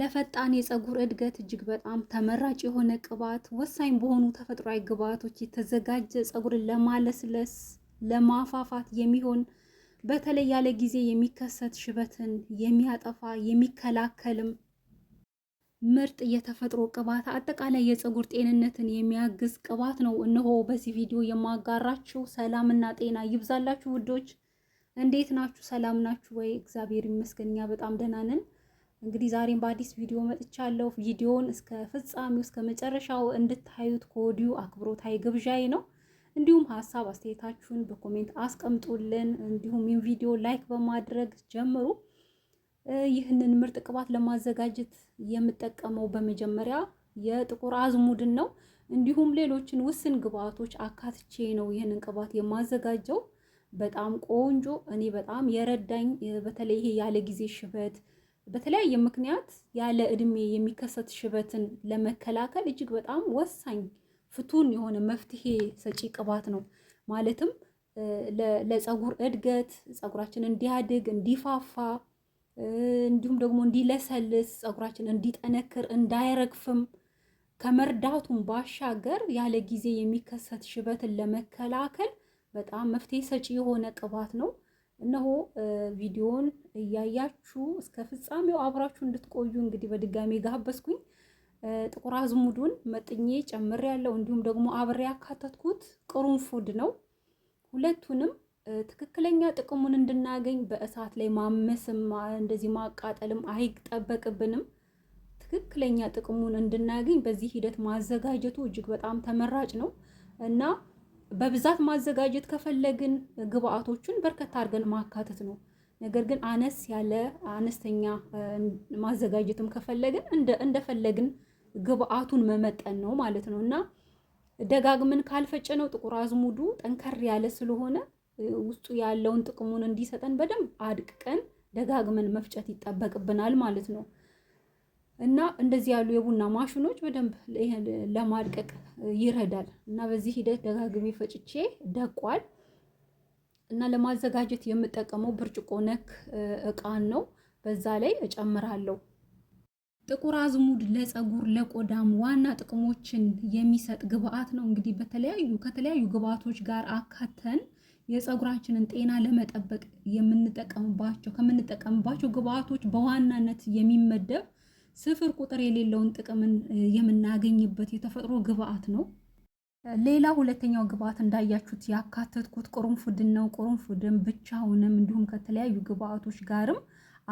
ለፈጣን የፀጉር እድገት እጅግ በጣም ተመራጭ የሆነ ቅባት ወሳኝ በሆኑ ተፈጥሯዊ ግብዓቶች የተዘጋጀ ፀጉርን ለማለስለስ ለማፋፋት የሚሆን በተለይ ያለ ጊዜ የሚከሰት ሽበትን የሚያጠፋ የሚከላከልም ምርጥ የተፈጥሮ ቅባት አጠቃላይ የፀጉር ጤንነትን የሚያግዝ ቅባት ነው። እነሆ በዚህ ቪዲዮ የማጋራችሁ። ሰላምና ጤና ይብዛላችሁ ውዶች፣ እንዴት ናችሁ? ሰላም ናችሁ ወይ? እግዚአብሔር ይመስገን እኛ በጣም ደህና ነን። እንግዲህ ዛሬም በአዲስ ቪዲዮ መጥቻለሁ። ቪዲዮውን እስከ ፍጻሜው እስከ መጨረሻው እንድታዩት ከወዲሁ አክብሮታዊ ግብዣዬ ነው። እንዲሁም ሀሳብ አስተያየታችሁን በኮሜንት አስቀምጡልን። እንዲሁም ይህን ቪዲዮ ላይክ በማድረግ ጀምሩ። ይህንን ምርጥ ቅባት ለማዘጋጀት የምጠቀመው በመጀመሪያ የጥቁር አዝሙድን ነው። እንዲሁም ሌሎችን ውስን ግብዓቶች አካትቼ ነው ይህንን ቅባት የማዘጋጀው። በጣም ቆንጆ እኔ በጣም የረዳኝ በተለይ ይሄ ያለ ጊዜ ሽበት በተለያየ ምክንያት ያለ እድሜ የሚከሰት ሽበትን ለመከላከል እጅግ በጣም ወሳኝ ፍቱን የሆነ መፍትሄ ሰጪ ቅባት ነው። ማለትም ለፀጉር እድገት ፀጉራችን እንዲያድግ እንዲፋፋ፣ እንዲሁም ደግሞ እንዲለሰልስ ፀጉራችን እንዲጠነክር እንዳይረግፍም ከመርዳቱም ባሻገር ያለ ጊዜ የሚከሰት ሽበትን ለመከላከል በጣም መፍትሄ ሰጪ የሆነ ቅባት ነው። እነሆ ቪዲዮን እያያችሁ እስከ ፍጻሜው አብራችሁ እንድትቆዩ እንግዲህ በድጋሚ ጋበዝኩኝ። ጥቁር አዝሙዱን መጥኜ ያለው እንዲሁም ደግሞ አብሬ ያካተትኩት ቅርንፉድ ነው። ሁለቱንም ትክክለኛ ጥቅሙን እንድናገኝ በእሳት ላይ ማመስም እንደዚህ ማቃጠልም አይጠበቅብንም። ትክክለኛ ጥቅሙን እንድናገኝ በዚህ ሂደት ማዘጋጀቱ እጅግ በጣም ተመራጭ ነው እና በብዛት ማዘጋጀት ከፈለግን ግብአቶቹን በርከት አድርገን ማካተት ነው። ነገር ግን አነስ ያለ አነስተኛ ማዘጋጀትም ከፈለግን እንደፈለግን ግብአቱን መመጠን ነው ማለት ነው እና ደጋግመን ካልፈጨነው ጥቁር አዝሙዱ ጠንከር ያለ ስለሆነ ውስጡ ያለውን ጥቅሙን እንዲሰጠን በደንብ አድቅቀን ደጋግመን መፍጨት ይጠበቅብናል ማለት ነው። እና እንደዚህ ያሉ የቡና ማሽኖች በደንብ ለማድቀቅ ይረዳል። እና በዚህ ሂደት ደጋግሜ ፈጭቼ ደቋል። እና ለማዘጋጀት የምጠቀመው ብርጭቆ ነክ እቃን ነው። በዛ ላይ እጨምራለሁ። ጥቁር አዝሙድ ለፀጉር ለቆዳም ዋና ጥቅሞችን የሚሰጥ ግብአት ነው። እንግዲህ በተለያዩ ከተለያዩ ግብአቶች ጋር አካተን የፀጉራችንን ጤና ለመጠበቅ የምንጠቀምባቸው ከምንጠቀምባቸው ግብአቶች በዋናነት የሚመደብ ስፍር ቁጥር የሌለውን ጥቅምን የምናገኝበት የተፈጥሮ ግብአት ነው። ሌላ ሁለተኛው ግብአት እንዳያችሁት ያካተትኩት ቅርንፉድን ነው። ቅርንፉድን ብቻውንም እንዲሁም ከተለያዩ ግብአቶች ጋርም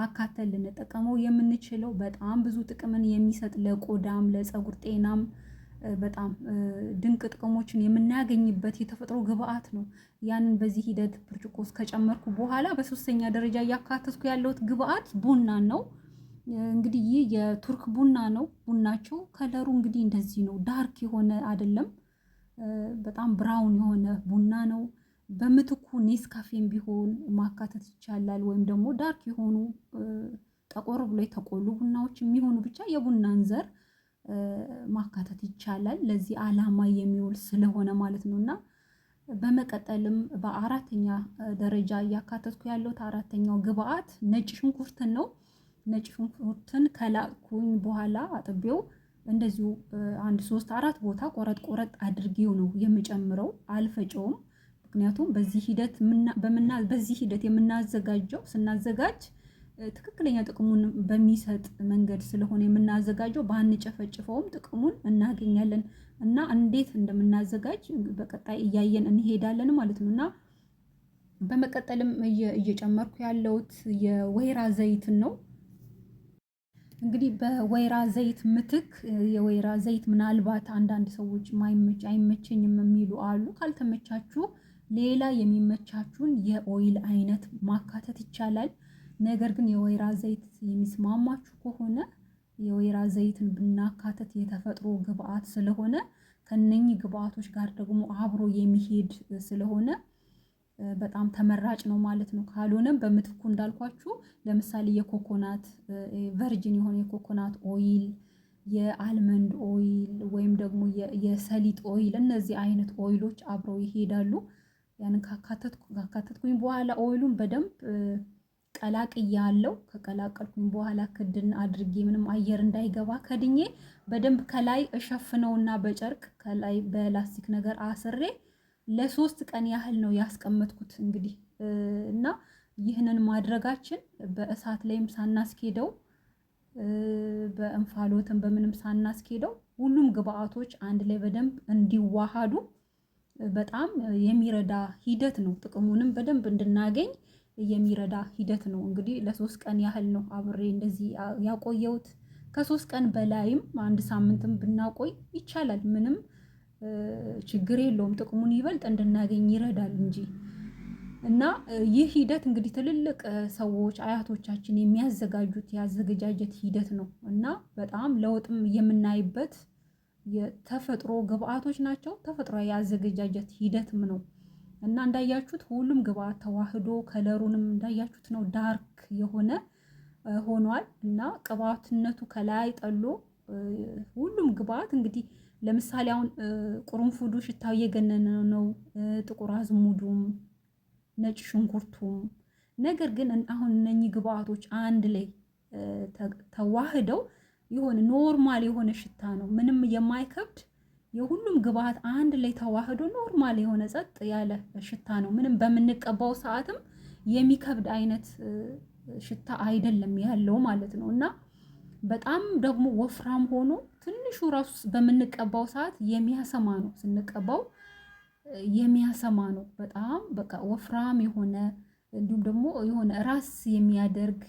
አካተን ልንጠቀመው የምንችለው በጣም ብዙ ጥቅምን የሚሰጥ ለቆዳም ለፀጉር ጤናም በጣም ድንቅ ጥቅሞችን የምናገኝበት የተፈጥሮ ግብአት ነው። ያንን በዚህ ሂደት ብርጭቆ ውስጥ ከጨመርኩ በኋላ በሶስተኛ ደረጃ እያካተትኩ ያለሁት ግብአት ቡናን ነው። እንግዲህ ይህ የቱርክ ቡና ነው። ቡናቸው ከለሩ እንግዲህ እንደዚህ ነው። ዳርክ የሆነ አይደለም፣ በጣም ብራውን የሆነ ቡና ነው። በምትኩ ኔስካፌም ቢሆን ማካተት ይቻላል። ወይም ደግሞ ዳርክ የሆኑ ጠቆር ብሎ የተቆሉ ቡናዎች የሚሆኑ ብቻ የቡናን ዘር ማካተት ይቻላል። ለዚህ አላማ የሚውል ስለሆነ ማለት ነው እና በመቀጠልም በአራተኛ ደረጃ እያካተትኩ ያለሁት አራተኛው ግብአት ነጭ ሽንኩርትን ነው። ነጭ ሽንኩርትን ከላኩኝ በኋላ አጥቤው እንደዚሁ አንድ ሶስት አራት ቦታ ቆረጥ ቆረጥ አድርጌው ነው የምጨምረው። አልፈጨውም። ምክንያቱም በዚህ ሂደት በዚህ ሂደት የምናዘጋጀው ስናዘጋጅ ትክክለኛ ጥቅሙን በሚሰጥ መንገድ ስለሆነ የምናዘጋጀው ባንጨፈጭፈውም ጥቅሙን እናገኛለን እና እንዴት እንደምናዘጋጅ በቀጣይ እያየን እንሄዳለን ማለት ነው እና በመቀጠልም እየጨመርኩ ያለሁት የወይራ ዘይትን ነው። እንግዲህ በወይራ ዘይት ምትክ የወይራ ዘይት ምናልባት አንዳንድ ሰዎች ማይመች አይመቸኝም የሚሉ አሉ። ካልተመቻችሁ ሌላ የሚመቻችሁን የኦይል አይነት ማካተት ይቻላል። ነገር ግን የወይራ ዘይት የሚስማማችሁ ከሆነ የወይራ ዘይትን ብናካተት የተፈጥሮ ግብአት ስለሆነ ከነኚህ ግብአቶች ጋር ደግሞ አብሮ የሚሄድ ስለሆነ በጣም ተመራጭ ነው ማለት ነው። ካልሆነም በምትኩ እንዳልኳችሁ ለምሳሌ የኮኮናት ቨርጅን የሆነ የኮኮናት ኦይል፣ የአልመንድ ኦይል ወይም ደግሞ የሰሊጥ ኦይል እነዚህ አይነት ኦይሎች አብረው ይሄዳሉ። ያንን ካካተትኩኝ በኋላ ኦይሉን በደንብ ቀላቅያ አለው። ከቀላቀልኩኝ በኋላ ክድን አድርጌ ምንም አየር እንዳይገባ ከድኜ በደንብ ከላይ እሸፍነውና በጨርቅ ከላይ በላስቲክ ነገር አስሬ ለሶስት ቀን ያህል ነው ያስቀመጥኩት እንግዲህ እና ይህንን ማድረጋችን በእሳት ላይም ሳናስኬደው በእንፋሎትም በምንም ሳናስኬደው ሁሉም ግብአቶች አንድ ላይ በደንብ እንዲዋሃዱ በጣም የሚረዳ ሂደት ነው። ጥቅሙንም በደንብ እንድናገኝ የሚረዳ ሂደት ነው። እንግዲህ ለሶስት ቀን ያህል ነው አብሬ እንደዚህ ያቆየሁት። ከሶስት ቀን በላይም አንድ ሳምንትም ብናቆይ ይቻላል ምንም ችግር የለውም። ጥቅሙን ይበልጥ እንድናገኝ ይረዳል እንጂ እና ይህ ሂደት እንግዲህ ትልልቅ ሰዎች አያቶቻችን የሚያዘጋጁት የአዘገጃጀት ሂደት ነው እና በጣም ለውጥም የምናይበት የተፈጥሮ ግብአቶች ናቸው። ተፈጥሮ የአዘገጃጀት ሂደትም ነው እና እንዳያችሁት ሁሉም ግብአት ተዋህዶ ከለሩንም እንዳያችሁት ነው ዳርክ የሆነ ሆኗል እና ቅባትነቱ ከላይ ጠሎ ሁሉም ግብአት እንግዲህ ለምሳሌ አሁን ቁርንፉዱ ሽታው እየገነነ ነው፣ ጥቁር አዝሙዱም ነጭ ሽንኩርቱም። ነገር ግን አሁን እነኚህ ግብአቶች አንድ ላይ ተዋህደው የሆነ ኖርማል የሆነ ሽታ ነው፣ ምንም የማይከብድ የሁሉም ግብአት አንድ ላይ ተዋህዶ ኖርማል የሆነ ጸጥ ያለ ሽታ ነው። ምንም በምንቀባው ሰዓትም የሚከብድ አይነት ሽታ አይደለም ያለው ማለት ነው እና በጣም ደግሞ ወፍራም ሆኖ ትንሹ ራሱ በምንቀባው ሰዓት የሚያሰማ ነው። ስንቀባው የሚያሰማ ነው። በጣም በቃ ወፍራም የሆነ እንዲሁም ደግሞ የሆነ ራስ የሚያደርግ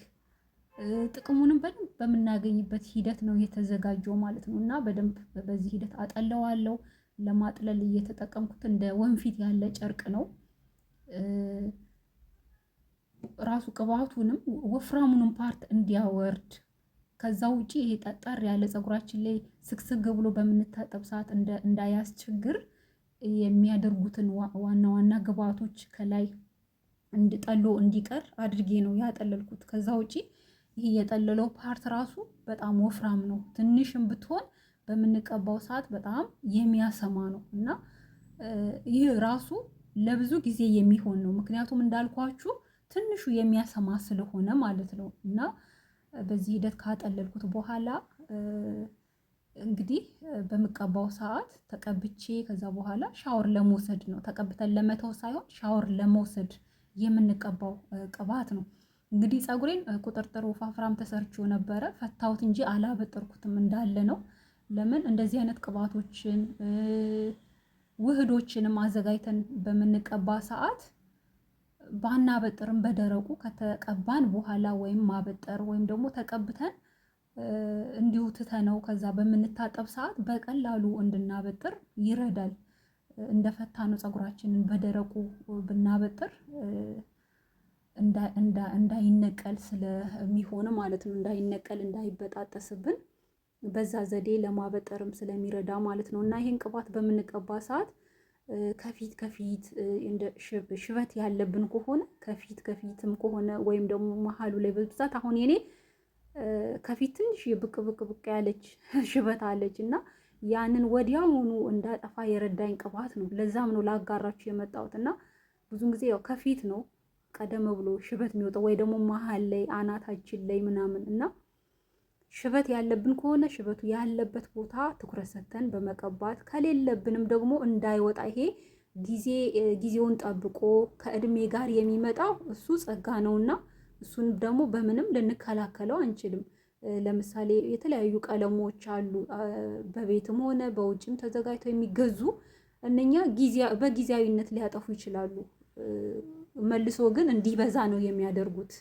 ጥቅሙንም በደንብ በምናገኝበት ሂደት ነው የተዘጋጀው ማለት ነው። እና በደንብ በዚህ ሂደት አጠለዋለው። ለማጥለል እየተጠቀምኩት እንደ ወንፊት ያለ ጨርቅ ነው። ራሱ ቅባቱንም ወፍራሙንም ፓርት እንዲያወርድ ከዛ ውጪ ይሄ ጠጠር ያለ ፀጉራችን ላይ ስግስግ ብሎ በምንታጠብ ሰዓት እንዳያስቸግር የሚያደርጉትን ዋና ዋና ግብአቶች ከላይ ጠሎ እንዲቀር አድርጌ ነው ያጠለልኩት። ከዛ ውጪ ይሄ የጠለለው ፓርት ራሱ በጣም ወፍራም ነው። ትንሽም ብትሆን በምንቀባው ሰዓት በጣም የሚያሰማ ነው እና ይህ ራሱ ለብዙ ጊዜ የሚሆን ነው። ምክንያቱም እንዳልኳችሁ ትንሹ የሚያሰማ ስለሆነ ማለት ነው እና በዚህ ሂደት ካጠለልኩት በኋላ እንግዲህ በምቀባው ሰዓት ተቀብቼ ከዛ በኋላ ሻወር ለመውሰድ ነው። ተቀብተን ለመተው ሳይሆን ሻወር ለመውሰድ የምንቀባው ቅባት ነው። እንግዲህ ፀጉሬን ቁጥርጥር ወፋፍራም ተሰርቾ ነበረ ፈታሁት እንጂ አላበጠርኩትም እንዳለ ነው። ለምን እንደዚህ አይነት ቅባቶችን ውህዶችንም አዘጋጅተን በምንቀባ ሰዓት ባናበጥርም በደረቁ ከተቀባን በኋላ ወይም ማበጠር ወይም ደግሞ ተቀብተን እንዲሁ ትተነው ከዛ በምንታጠብ ሰዓት በቀላሉ እንድናበጥር ይረዳል። እንደፈታ ነው ፀጉራችንን በደረቁ ብናበጥር እንዳይነቀል ስለሚሆን ማለት ነው። እንዳይነቀል እንዳይበጣጠስብን በዛ ዘዴ ለማበጠርም ስለሚረዳ ማለት ነው። እና ይሄን ቅባት በምንቀባ ሰዓት ከፊት ከፊት እንደ ሽበት ያለብን ከሆነ ከፊት ከፊትም ከሆነ ወይም ደግሞ መሀሉ ላይ በብዛት አሁን የኔ ከፊት ትንሽ ብቅ ብቅ ብቅ ያለች ሽበት አለች እና ያንን ወዲያውኑ እንዳጠፋ የረዳኝ ቅባት ነው። ለዛም ነው ላጋራችሁ የመጣሁት እና ብዙን ጊዜ ያው ከፊት ነው ቀደም ብሎ ሽበት የሚወጣው ወይ ደግሞ መሀል ላይ አናታችን ላይ ምናምን እና ሽበት ያለብን ከሆነ ሽበቱ ያለበት ቦታ ትኩረት ሰጥተን በመቀባት ከሌለብንም ደግሞ እንዳይወጣ ይሄ ጊዜ ጊዜውን ጠብቆ ከእድሜ ጋር የሚመጣው እሱ ጸጋ ነውና እሱን ደግሞ በምንም ልንከላከለው አንችልም። ለምሳሌ የተለያዩ ቀለሞች አሉ፣ በቤትም ሆነ በውጭም ተዘጋጅተው የሚገዙ እነኛ በጊዜያዊነት ሊያጠፉ ይችላሉ። መልሶ ግን እንዲበዛ ነው የሚያደርጉት።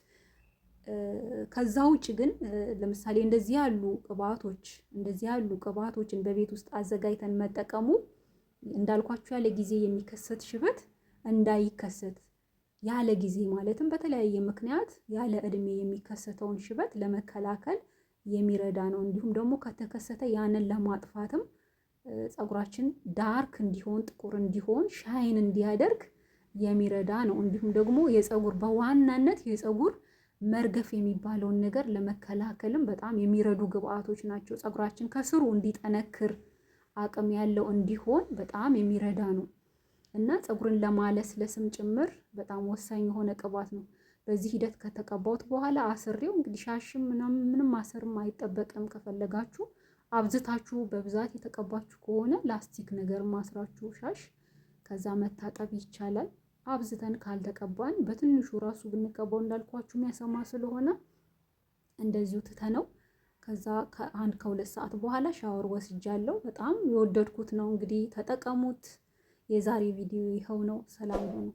ከዛ ውጭ ግን ለምሳሌ እንደዚህ ያሉ ቅባቶች እንደዚህ ያሉ ቅባቶችን በቤት ውስጥ አዘጋጅተን መጠቀሙ እንዳልኳችሁ ያለ ጊዜ የሚከሰት ሽበት እንዳይከሰት ያለ ጊዜ ማለትም በተለያየ ምክንያት ያለ እድሜ የሚከሰተውን ሽበት ለመከላከል የሚረዳ ነው። እንዲሁም ደግሞ ከተከሰተ ያንን ለማጥፋትም ፀጉራችን ዳርክ እንዲሆን ጥቁር እንዲሆን ሻይን እንዲያደርግ የሚረዳ ነው። እንዲሁም ደግሞ የፀጉር በዋናነት የፀጉር መርገፍ የሚባለውን ነገር ለመከላከልም በጣም የሚረዱ ግብአቶች ናቸው። ጸጉራችን ከስሩ እንዲጠነክር አቅም ያለው እንዲሆን በጣም የሚረዳ ነው እና ፀጉርን ለማለስለስም ጭምር በጣም ወሳኝ የሆነ ቅባት ነው። በዚህ ሂደት ከተቀባሁት በኋላ አስሬው እንግዲህ ሻሽም ምንም አስርም አይጠበቅም። ከፈለጋችሁ አብዝታችሁ በብዛት የተቀባችሁ ከሆነ ላስቲክ ነገር ማስራችሁ ሻሽ ከዛ መታጠብ ይቻላል። አብዝተን ካልተቀባን በትንሹ ራሱ ብንቀባው እንዳልኳችሁ የሚያሰማ ስለሆነ እንደዚሁ ትተነው ከዛ ከአንድ ከሁለት ሰዓት በኋላ ሻወር ወስጃለሁ። በጣም የወደድኩት ነው። እንግዲህ ተጠቀሙት። የዛሬ ቪዲዮ ይኸው ነው። ሰላም ሁኑ።